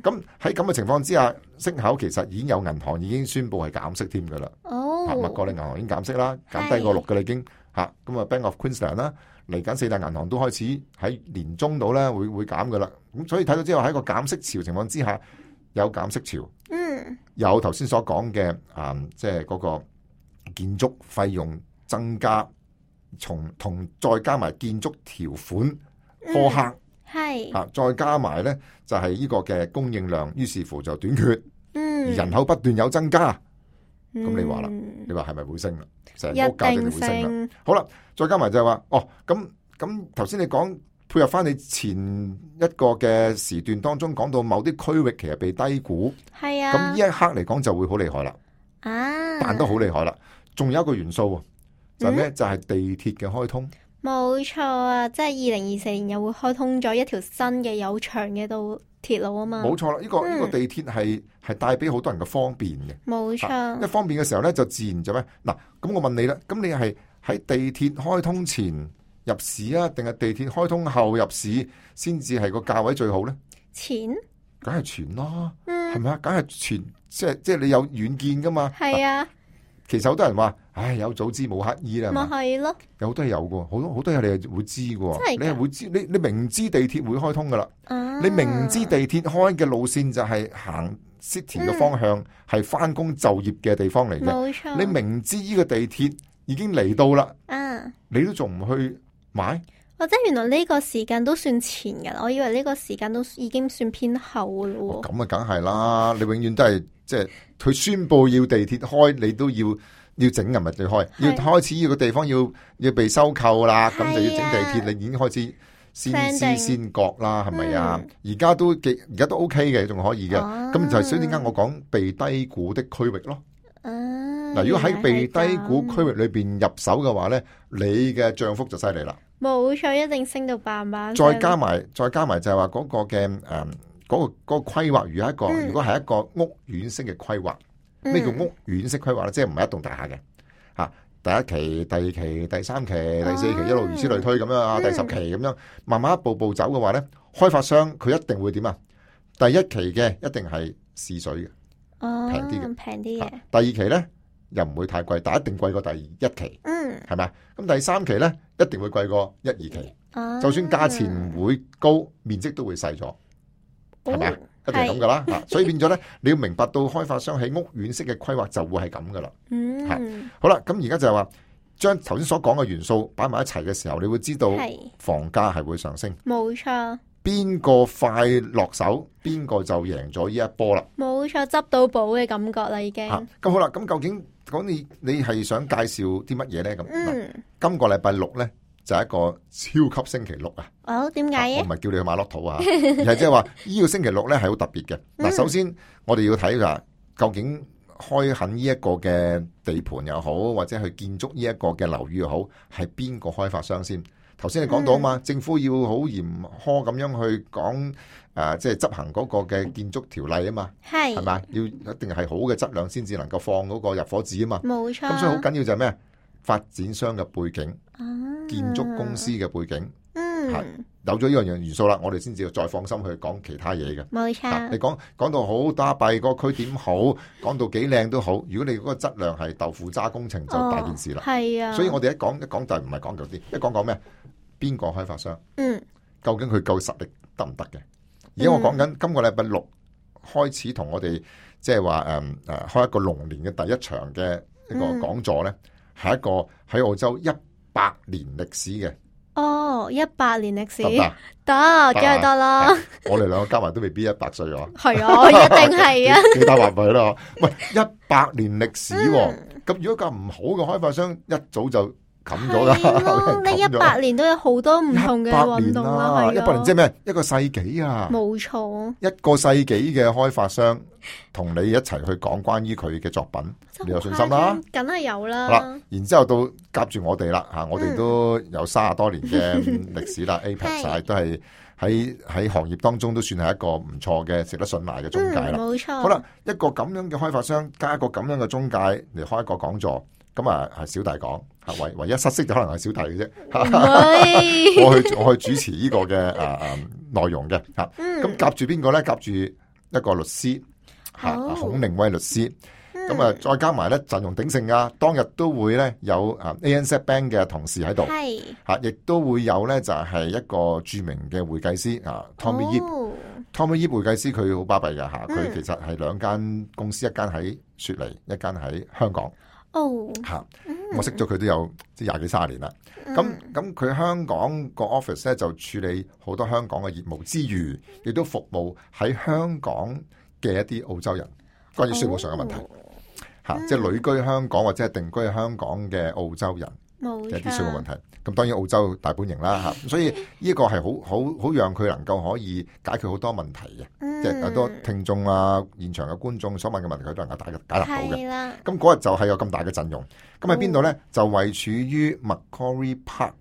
B: 咁喺咁嘅情況之下，息口其實已經有銀行已經宣布係減息添嘅啦。物美國嘅銀行已經減息啦，減低個六嘅已經嚇。咁啊，Bank of Queensland 啦，嚟緊四大銀行都開始喺年中度咧，會會減嘅啦。咁所以睇到之後喺一個減息潮情況之下。有減息潮，
C: 嗯、
B: 有頭先所講嘅啊，即係嗰個建築費用增加，從同再加埋建築條款苛刻，
A: 係、嗯、啊，
B: 再加埋咧就係、是、呢個嘅供應量，於是乎就短缺，嗯，人口不斷有增加，
A: 咁、嗯、你話啦，
B: 你話係咪會升啦？成個屋價就會升啦。好啦，再加埋就係話哦，咁咁頭先你講。配合翻你前一個嘅時段當中講到某啲區域其實被低估，係啊，咁呢一刻嚟講就會好厲害啦，
A: 啊，
B: 彈得好厲害啦，仲有一個元素就咩？就係、是嗯就是、地鐵嘅開通，
A: 冇錯啊！即係二零二四年又會開通咗一條新嘅有長嘅道鐵路啊嘛，冇錯啦！呢、這個呢、這個地
B: 鐵係係帶俾好多人嘅方便嘅，
A: 冇錯、啊，一
B: 方便嘅時候呢，就自然就咩？嗱、啊，咁我問你啦，咁你係喺地鐵開通前？入市啊？定係地鐵開通後入市先至係個價位最好咧？錢？梗係存咯，係、嗯、咪啊？梗係存，即係即係你有遠見噶嘛？係啊。其實好多人話，唉，有早知冇乞兒啦。咪係咯。有都係有噶，好多好多嘢你係會知噶，你係會知，你你明知地鐵會開通噶啦。哦。你明知地鐵開嘅路線就係行 city 嘅方向，係返工就業嘅地方嚟嘅。冇錯。你明知呢個地鐵已經嚟到啦。嗯。你、啊、你都仲唔去？買，
A: 或者原來呢個時間都算前噶，我以為呢個時間都已經算偏後噶咯。
B: 咁、哦、啊，梗係啦，你永遠都係即係佢宣布要地鐵開，你都要要整人物地開，要開始要個地方要要被收購啦，咁、啊、就要整地鐵，你已經開始先知先覺啦，係咪啊？而家、啊嗯、都幾，而家都 O K 嘅，仲可以嘅。咁、啊、就所以點解我講被低估的區域咯？
A: 嗱、啊，如果喺被低估區域
B: 裏邊入手嘅話呢，你嘅漲幅就犀利啦。
A: 冇錯，一定升到百萬。再加埋，
B: 再加埋就係話嗰個嘅誒，嗯嗰個、嗰個規劃如果一個，嗯、如果係一個屋苑式嘅規劃，
A: 咩、嗯、叫屋
B: 苑式規劃咧？即係唔係一棟大廈嘅吓，第一期、第二期、第三期、第四期、哦、一路如此類推咁樣啊，第十期咁樣、嗯，慢慢一步步走嘅話咧，開發商佢一定會點啊？第一期嘅一定係試水嘅，
A: 平啲嘅，平啲嘅。
B: 第二期咧？又唔會太貴，但一定貴過第一期，嗯，係咪？咁第三期呢，一定會貴過一二期，啊、就算價錢唔會高，嗯、面積都會細咗，
C: 係、哦、咪一定咁噶
B: 啦，所以變咗呢， 你要明白到開發商喺屋苑式嘅規劃就會係咁噶啦，
C: 嗯，
B: 好啦，咁而家就係話將頭先所講嘅元素擺埋一齊嘅時候，你會知道房價係會上升，
A: 冇錯。
B: 邊個快落手，邊個就贏咗呢一波啦，
A: 冇錯，執到寶嘅感覺啦，已經。
B: 咁、啊、好啦，咁究竟？咁你你係想介紹啲乜嘢呢？咁、嗯，今個禮拜六呢，就係、一個超級星期六啊！
A: 好、哦，點解？我唔
B: 係叫你去馬樂土啊， 而係即係話呢個星期六呢係好特別嘅。嗱，首先、嗯、我哋要睇下，究竟開墾呢一個嘅地盤又好，或者去建築呢一個嘅樓宇又好，係邊個開發商先？頭先你講到啊嘛、嗯，政府要好嚴苛咁樣去講。啊，即係執行嗰個嘅建築條例啊嘛，係，係咪要一定係好嘅質量先至能夠放嗰個入伙紙啊嘛，冇錯。咁、啊、所以好緊要就係咩？發展商嘅背景、
A: 啊，建築公司嘅背景，係、嗯、
B: 有咗呢個樣元素啦，我哋先至再放心去講其他嘢嘅，
A: 冇錯。你
B: 講講到好打弊，嗰個區點好，講到幾靚都好。如果你嗰個質量係豆腐渣工程，就大件事啦。係、哦、啊，所以我哋一講一講就唔係講究啲，一講講咩？邊個開發商？嗯，究竟佢夠實力得唔得嘅？行而家我講緊今個禮拜六開始同我哋即係話誒誒開一個龍年嘅第一場嘅一個講座咧，係、嗯、一個喺澳洲一百年歷史嘅。
A: 哦，一百年歷史得，梗係得啦。
B: 我哋兩個加埋都未必一百歲啊。
A: 係啊，一定係啊。
B: 大話唔係啦，喂，一百年歷史。咁如果咁唔好嘅開發商一早就。咗㗎，呢一百
A: 年都有好多唔同嘅運動啦。一百年即係
B: 咩？一個世紀啊！冇
A: 錯，一
B: 個世紀嘅開發商同你一齊去講關於佢嘅作品，你有信心啦？
A: 梗係有啦。
B: 然之後到夾住我哋啦吓，我哋都有三十多年嘅歷史啦，Apex 晒都係喺喺行業當中都算係一個唔錯嘅值得信賴嘅中介啦。冇、嗯、錯。好啦，一個咁樣嘅開發商加一個咁樣嘅中介嚟開一個講座，咁啊係小弟講。唯唯一失色就可能係小弟嘅啫，我去我去主持個內、嗯、呢個嘅啊內容嘅，吓咁夾住邊個咧？夾住一個律師吓、哦，孔寧威律師，咁啊再加埋咧陣容鼎盛啊，當日都會咧有啊 ANZ Bank 嘅同事喺度，係吓亦都會有咧就係一個著名嘅會計師啊 Tommy Yip，Tommy Yip 會計師佢好巴閉嘅吓，佢其實係兩間公司，一間喺雪梨，一間喺香港，
C: 哦吓。
B: 我識咗佢都有即廿幾卅年啦、嗯。咁咁佢香港個 office 咧就處理好多香港嘅業務之餘，亦都服務喺香港嘅一啲澳洲人關於稅務上嘅問題、哦。嚇、嗯，即係旅居香港或者係定居香港嘅澳洲人。即啲稅嘅問題，咁當然澳洲大本營啦吓， 所以呢個係好好好讓佢能夠可以解決好多問題嘅、嗯，即係好多聽眾啊、現場嘅觀眾所問嘅問題，佢都能夠解解答到嘅。咁嗰、那個、日就係有咁大嘅陣容，咁喺邊度呢？就位處於 Macquarie Park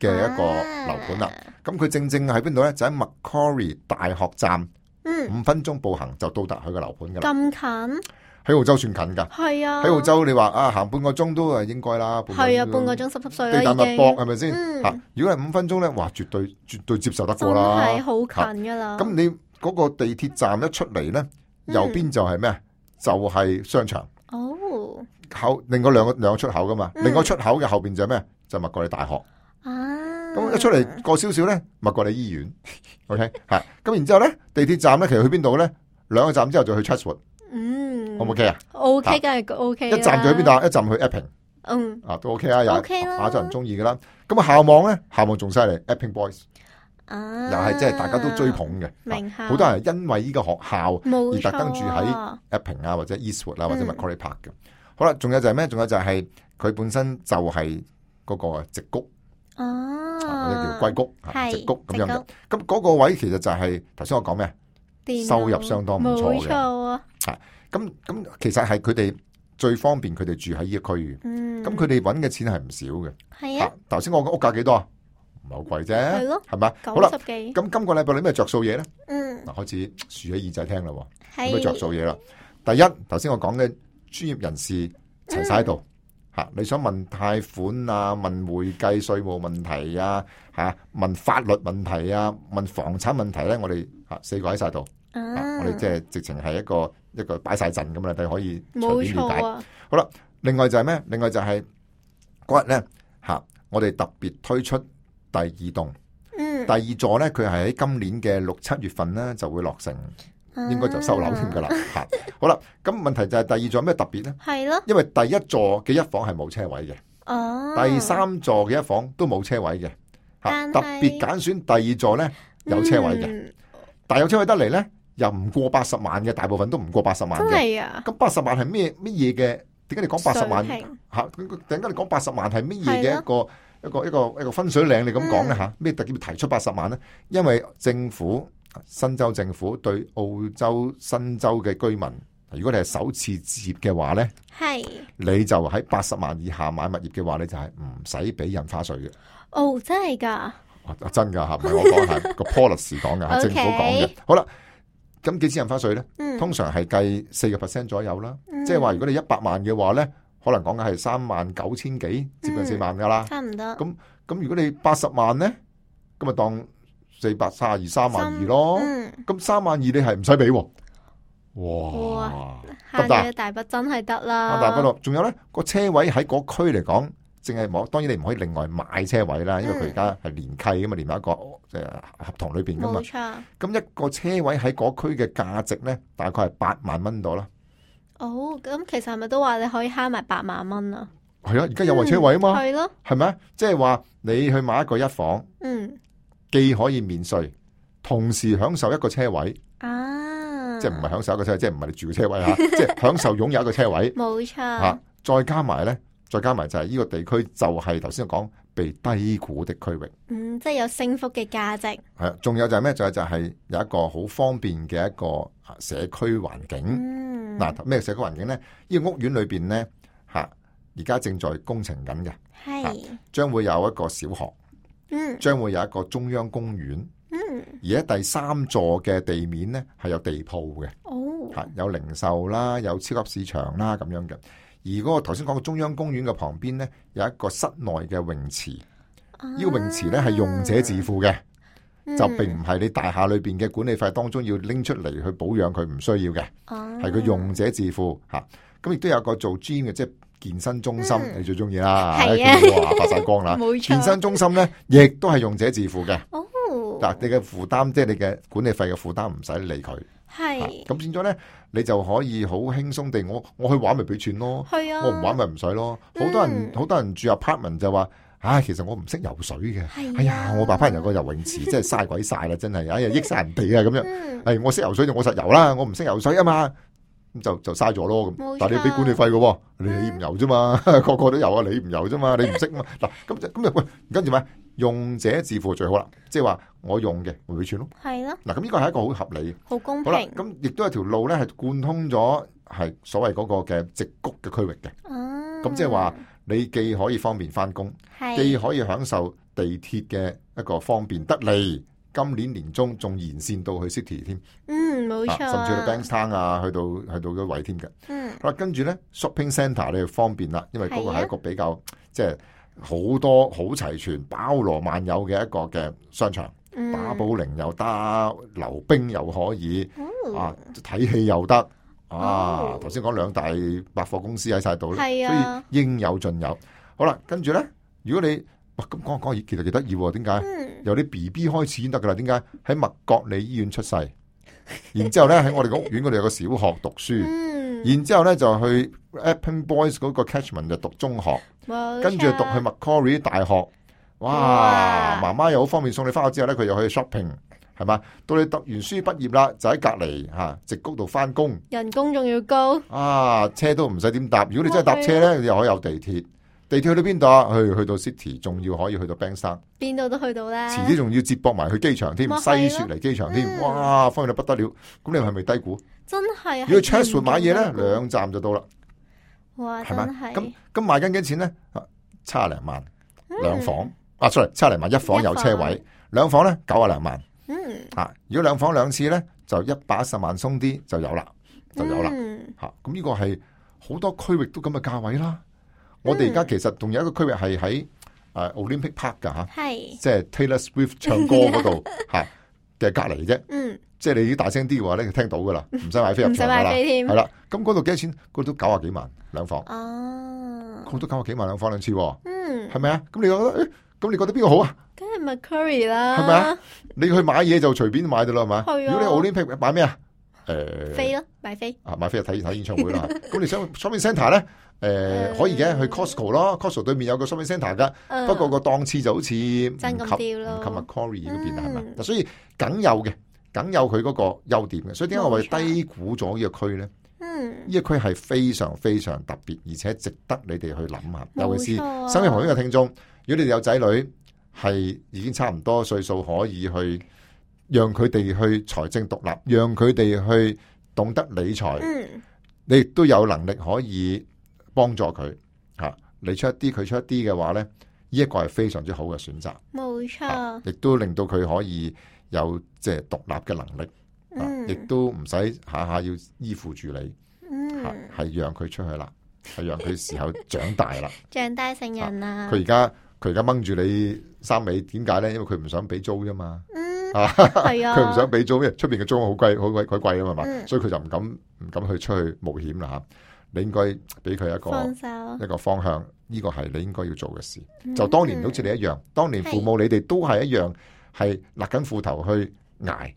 B: 嘅一個樓盤啦。咁、啊、佢正正喺邊度呢？就喺 Macquarie 大學站，五、嗯、分鐘步行就到達佢嘅樓盤咁近。喺澳洲算近噶，係啊！
A: 喺澳洲
B: 你話啊，行半個鐘都係應該啦。係啊，半個鐘
A: 濕濕碎啦，已經。地氈又薄，係咪先？吓，
B: 如果係五分鐘咧，哇，絕對絕對接受得過啦。係好近噶
A: 啦！咁你
B: 嗰個地鐵站一出嚟咧，右、嗯、邊就係咩？就係、是、商場。哦。口，另外兩個兩個出口噶嘛、嗯？另外出口嘅後邊就係咩？就墨爾利大學。啊。咁一出嚟過少少咧，墨爾利醫院。O K，吓，咁然之後咧，地鐵站咧，其實去邊度咧？兩個站之後就去、Chatswood, O 唔 O K 啊？O K，梗係 O K
A: 一站就去邊度、啊？
B: 一站去 Epping，嗯、um, 啊 okay 啊 okay，啊都 O K 啊，又 O K 啦，有人中意嘅啦。咁啊校網咧，校網仲犀利，Epping Boys 啊，
C: 又係即係大家都追
B: 捧嘅名校，好、啊、多人因為呢個學校而特登住喺 Epping 啊,啊，或者 Eastwood 啊，嗯、或者 Macquarie Park 嘅。好啦，仲有就係咩？仲有就係佢本身就係嗰個矽谷哦，嗰啲叫硅谷，矽、啊啊、谷咁樣嘅。咁嗰、那個位其實就係頭先我講咩？收入相當唔錯嘅，係、啊。咁咁，其實係佢哋最方便，佢哋住喺呢個區域。嗯，咁佢哋揾嘅錢係唔少嘅。係啊，頭先我嘅屋價幾多啊？唔係好貴啫，係咪啊？好啦，咁今個禮拜你咩着數嘢咧？嗯，嗱，開始豎起耳仔聽啦，咩着數嘢啦？第一，頭先我講嘅專業人士齊晒喺度吓，你想問貸款啊，問會計稅務問題啊，吓，問法律問題啊，問房產問題咧、啊，我哋吓四個喺晒度。啊、我哋即係直情係一個一個擺晒陣咁啦，佢可以隨便了解。啊、好啦，另外就係咩？另外就係嗰日呢，吓，我哋特別推出第二棟、嗯，第二座呢，佢係喺今年嘅六七月份呢就會落成，
C: 應該就收樓添噶啦。
B: 吓、啊，好啦，咁問題就係第二座咩特別呢？係咯，因為第一座嘅一房係冇車位嘅、哦，第三座嘅一房都冇車位嘅，吓，特別揀選第二座呢，有車位嘅、嗯，但係有車位得嚟呢。又唔過八十萬嘅，大部分都唔過八十萬嘅。咁八十萬係咩乜嘢嘅？點解你講八十萬吓？點解你講八十萬係乜嘢嘅一個一個一個一個分水嶺？你咁講咧吓？咩特別提出八十萬呢？因為政府新州政府對澳洲新州嘅居民，如果你係首次置業嘅話呢，係你就喺八十萬以下買物業嘅話咧，你就係唔使俾印花稅
A: 嘅。哦，真係噶，
B: 啊，真噶吓，唔係我講，係個 policy 講嘅，政府講嘅。好啦。咁幾錢印花稅咧？通常係計四個 percent 左右啦。即係話如果你一百萬嘅話咧，可能講緊係三萬九千幾，接近四萬噶啦。差唔多。咁咁如果你八十萬咧，咁咪當四百三十二三萬二咯。嗯。咁三萬二你係唔使俾喎。哇！
A: 慳嘅大筆真係得啦。大筆咯，
B: 仲有咧個車位喺嗰區嚟講。淨係當然你唔可以另外買車位啦，因為佢而家係連契噶嘛、嗯，連埋一個誒合同裏邊噶嘛。冇錯。咁一個車位喺嗰區嘅價值咧，大概係八萬蚊到啦。
A: 哦，咁其實係咪都話你可以慳埋八萬蚊啊？
B: 係咯、啊，而家有位車位啊嘛，係、嗯、咯，係咪？即係話你去買一個一房，嗯，既可以免稅，同時享受一個車位啊，即係唔係享受一個車位，即係唔係你住嘅車位吓，即 係享受擁有一個車位。
A: 冇錯，吓、
B: 啊、再加埋咧。再加埋就係呢個地區就係頭先講被低估的區域，嗯，
A: 即係有升幅嘅價值。
B: 係仲有就係咩？仲有就係有一個好方便嘅一個社區環境。嗯，嗱，咩社區環境呢？呢個屋苑裏邊呢，吓而家正在工程緊嘅，係，將會有一個小學，嗯，
C: 將
B: 會有一個中央公園，嗯，而家第三座嘅地面呢，係有地鋪嘅，哦，吓有零售啦，有超級市場啦咁樣嘅。而嗰個頭先講嘅中央公園嘅旁邊呢，有一個室內嘅泳池，呢、啊這個泳池呢係用者自付嘅，嗯，就並唔係你大廈裏邊嘅管理費當中要拎出嚟去保養佢，唔需要嘅，係、啊、佢用者自付吓。咁、啊、亦都有一個做 gym 嘅，即係健身中心，嗯、你最中意啦，啊，發晒光啦， 健身中心呢，亦都係用者自付嘅。哦但你嘅負擔即係你嘅管理費嘅負擔，唔使理佢。
C: 係、啊、
B: 咁變咗咧，你就可以好輕鬆地，我我去玩咪俾錢咯。係啊！我唔玩咪唔使咯。好、嗯、多人好多人住 apartment 就話，唉、啊，其實我唔識游水嘅。係、啊哎、呀，我白翻入個游泳池，真係嘥鬼晒啦，真係，哎呀，益晒人哋啊，咁樣。係、嗯哎、我識游水就我實游啦，我唔識游水啊嘛。就就嘥咗咯，咁，但係你俾管理費嘅，你唔有啫嘛，個個都有啊，你唔有啫嘛，你唔識啊嘛，嗱，咁咁又喂，跟住咩？用者自付最好，就是，好啦，即係話我用嘅回轉咯，係啦。嗱、啊，咁呢個係一個好合理，
A: 好公平。咁
B: 亦都有條路咧，係貫通咗係所謂嗰個嘅直谷嘅區域嘅。哦，咁即係話你既可以方便翻工，既可以享受地鐵嘅一個方便得利。今年年中仲延線到去 City 添、
A: 嗯，嗯，冇錯、啊，甚至去到
B: Bankstown 啊，去到去到位添嘅。嗯，好啦，跟住咧 Shopping Centre 咧就方便啦，因為嗰個係一個比較即係好多好齊全、包羅萬有嘅一個嘅商場，
C: 打保
B: 齡又得，溜冰又可以，嗯、啊睇戲又得，啊頭先講兩大百貨公司喺晒度咧，係啊、所以應有盡有。好啦，跟住咧，如果你咁講講，其實幾得意喎？點解、嗯、由你 B B 開始先得噶啦？點解喺麥國里醫院出世，然之後咧喺我哋個屋苑嗰度有個小學讀書，嗯、然之後咧就去 Epping Boys 嗰個 Catchment 就讀中學，
C: 跟住
B: 讀去 Macquarie 大學。哇！媽媽又好方便送你翻學之後咧，佢又可以 shopping，係嘛？到你讀完書畢業啦，就喺隔籬吓、啊、直谷度翻工，
A: 人工仲要高
B: 啊！車都唔使點搭，如果你真係搭車咧，你又可以有地鐵。地鐵去到邊度啊？去去到 City，仲要可以去到冰山
A: ？n 邊度都去到咧。遲啲
B: 仲要接駁埋去機場添，西雪嚟機場添，哇、嗯，方便到不得了。咁你係咪低估？
A: 真係。如果 Cheshire 買嘢咧，
B: 兩站就到啦。
A: 哇，係咪？咁
B: 咁賣緊幾錢咧？七廿零萬兩、嗯、房。啊，出嚟七廿零萬一房有車位，兩房咧九廿零萬。嗯。啊，如果兩房兩次咧，就一百一十萬鬆啲就有啦，就有啦。吓、嗯、咁、啊、呢個係好多區域都咁嘅價位啦。我哋而家其實仲有一個區域係喺 Olympic Park 嘅嚇，即係 Taylor Swift 唱歌嗰度嚇嘅隔離啫。嗯，即係你要大聲啲嘅話咧，就聽到噶啦，唔使買飛唔使買飛添，係啦。咁嗰度幾多錢？嗰度九啊幾萬兩房。哦，嗰度九十幾萬兩房兩次。嗯，係咪啊？咁你覺得？咁、欸、你覺得邊個好啊？
A: 梗係 McCurry 啦，係咪啊？
B: 你去買嘢就隨便買嘅啦，係咪、啊？如果你 Olympic 買咩啊？誒、欸，飛咯，買飛。啊，買飛睇睇演唱會啦。咁你想，所 以 Centre 咧？誒、呃嗯，可以嘅去 Costco 咯、嗯、Costco 對面有個 Shopping Centre 噶，不過個檔次就好似唔及唔及物 Corey 嗰邊啦，係嘛、嗯？所以梗有嘅，梗有佢嗰個優點嘅。所以點解我會低估咗呢、嗯這個區咧？呢個區係非常非常特別，而且值得你哋去諗下。尤其是生意行邊嘅聽眾、啊，如果你哋有仔女，係已經差唔多歲數，可以去讓佢哋去財政獨立，讓佢哋去懂得理財、嗯。你亦都有能力可以。幫助佢，吓、啊、你出一啲，佢出一啲嘅話咧，呢、這、一個係非常之好嘅選擇，冇錯，亦、啊、都令到佢可以有即係獨立嘅能力，亦、嗯啊、都唔使下下要依附住你，係、嗯、係、啊、讓佢出去啦，係讓佢時候長大啦，
A: 長大成人啦。佢而
B: 家佢而家掹住你三尾，點解咧？因為佢唔想俾租啫嘛，係、嗯、啊，佢唔、啊、想俾租，因為出邊嘅租好貴，好貴，好貴啊嘛，係嘛，所以佢就唔敢唔敢去出去冒險啦。啊你應該俾佢一個一個方向，呢、這個係你應該要做嘅事、嗯。就當年、嗯、好似你一樣，當年父母是你哋都係一樣，係勒緊褲頭去挨，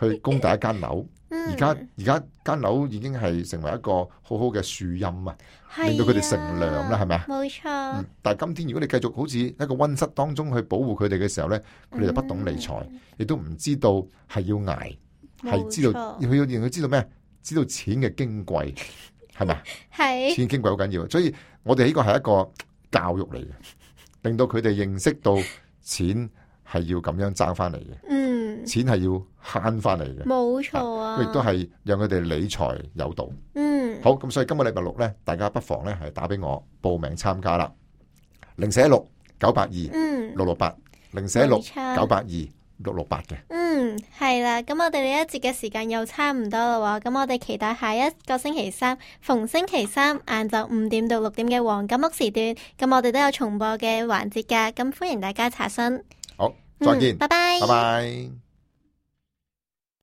B: 去供第一間樓。而家而家間樓已經係成為一個好好嘅樹蔭啊，令到佢哋乘涼啦，係咪啊？冇錯、嗯。但係今天如果你繼續好似一個溫室當中去保護佢哋嘅時候呢，佢哋就不懂理財，亦、嗯、都唔知道係要挨，係知道要要令佢知道咩？知道錢嘅矜貴。係嘛？係錢傾貴好緊要，所以我哋呢個係一個教育嚟嘅，令到佢哋認識到錢係要咁樣賺翻嚟嘅，嗯，錢係要慳翻嚟嘅，
A: 冇錯啊。亦都係
B: 讓佢哋理財有道。嗯，好，咁所以今日禮拜六咧，大家不妨咧係打俾我報名參加啦。零四一六, 982、嗯、668, 零四一六九八二，嗯，六六八零四一六九八二。六六八
A: 嘅嗯係啦，咁我哋呢一節嘅時間又差唔多喎。咁我哋期待下一個星期三，逢星期三晏晝五點到六點嘅黃金屋時段，咁我哋都有重播嘅環節噶。咁歡迎大家查詢。
B: 好，再見，拜拜拜拜。Bye bye bye bye